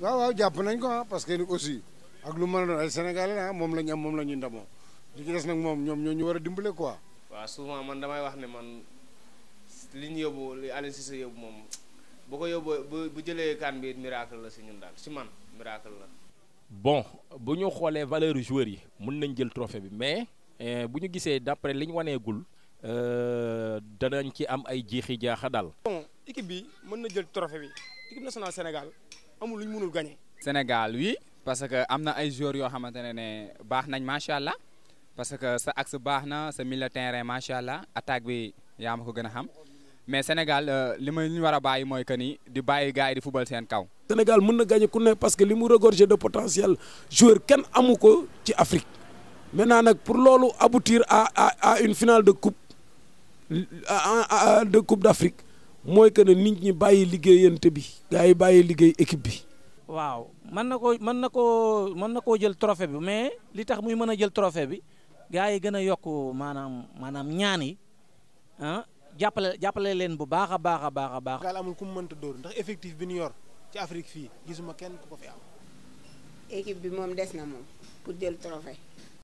waaw waaw jàpp nañ ko ah parce que aussi ak lu mën a doon ay sénégalais ah moom lañu am moom la ñuy ndamoo li ci nag moom ñoom ñoo ñu war a dimbale quoi. waaw souvent man damay wax ne man li ñu yóbbu li Aliou yóbbu moom bu ko yóbboo bu bu jëlee kan bi miracle la si ñun daal si man miracle la. bon bu ñu xoolee valeur joueur yi mun nañ jël trophée bi mais eh, bu ñu gisee d'après li ñu waneegul euh, danañ ci am ay jiixi jaaxa daal. bon équipe bi mën na jël trophée bi équipe Sénégal. amul lu ñu mënul gagné. Sénégal oui parce que am na ay joueurs yoo xamante ne ne baax nañ macha allah parce que sa axe baax na sa milieu terrain macha allah attaque bi yaa ma ko gën a xam mais Sénégal euh, li ma li ñu war a bàyyi mooy que ni di bàyyi gars yi di fubal seen kaw. Sénégal mun na gagné ku ne parce que li mu regorge de potentiel joueur kenn amu ko ci Afrique maintenant nag pour loolu aboutir à à une finale de coupe de coupe d'Afrique. mooy que ne nit ñi bàyyi liggéeyante bi gars yi bàyyi liggéey equipe bi. waaw mën na ko mën na koo mën na koo jël trophée bi mais li tax muy mën a jël trophée bi gars yi gën a yokk maanaam maanaam ñaan yi ah jàppale jàppale leen bu baax a baax a baax a baax. gaal amul ku mu mënta dóor ndax effectif bi nu yor ci Afrique fii gisuma kenn ku ko fi am. équipe bi moom des na moom pour jël trophée